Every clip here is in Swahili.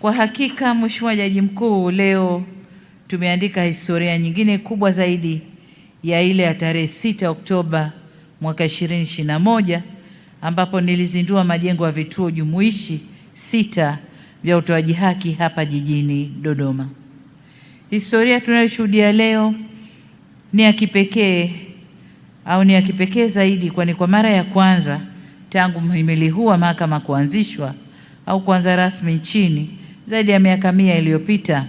Kwa hakika, Mheshimiwa Jaji Mkuu, leo tumeandika historia nyingine kubwa zaidi ya ile ya tarehe 6 Oktoba mwaka 2021 ambapo nilizindua majengo ya vituo jumuishi sita vya utoaji haki hapa jijini Dodoma. Historia tunayoshuhudia leo ni ya kipekee au ni ya kipekee zaidi, kwani kwa mara ya kwanza tangu mhimili huu wa mahakama kuanzishwa au kuanza rasmi nchini zaidi ya miaka mia iliyopita.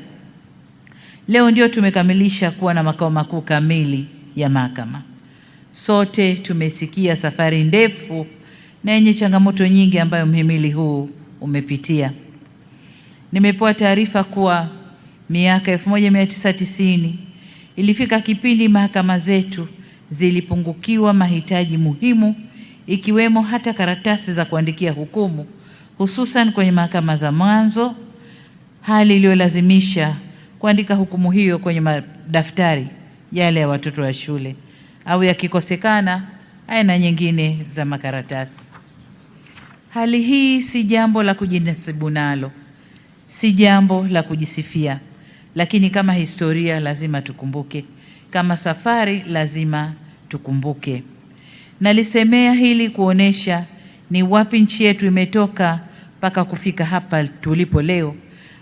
Leo ndio tumekamilisha kuwa na makao makuu kamili ya mahakama. Sote tumesikia safari ndefu na yenye changamoto nyingi ambayo mhimili huu umepitia. Nimepewa taarifa kuwa miaka 1990 ilifika kipindi mahakama zetu zilipungukiwa mahitaji muhimu ikiwemo hata karatasi za kuandikia hukumu, hususan kwenye mahakama za mwanzo hali iliyolazimisha kuandika hukumu hiyo kwenye madaftari yale ya watoto wa shule au yakikosekana aina nyingine za makaratasi. Hali hii si jambo la kujinasibu nalo, si jambo la kujisifia, lakini kama historia lazima tukumbuke, kama safari lazima tukumbuke. Nalisemea hili kuonesha ni wapi nchi yetu imetoka mpaka kufika hapa tulipo leo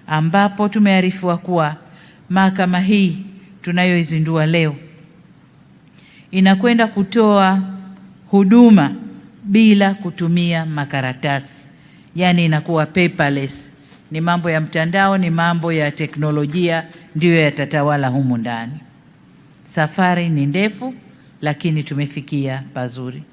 ambapo tumearifiwa kuwa mahakama hii tunayoizindua leo inakwenda kutoa huduma bila kutumia makaratasi, yaani inakuwa paperless. Ni mambo ya mtandao, ni mambo ya teknolojia ndiyo yatatawala humu ndani. Safari ni ndefu, lakini tumefikia pazuri.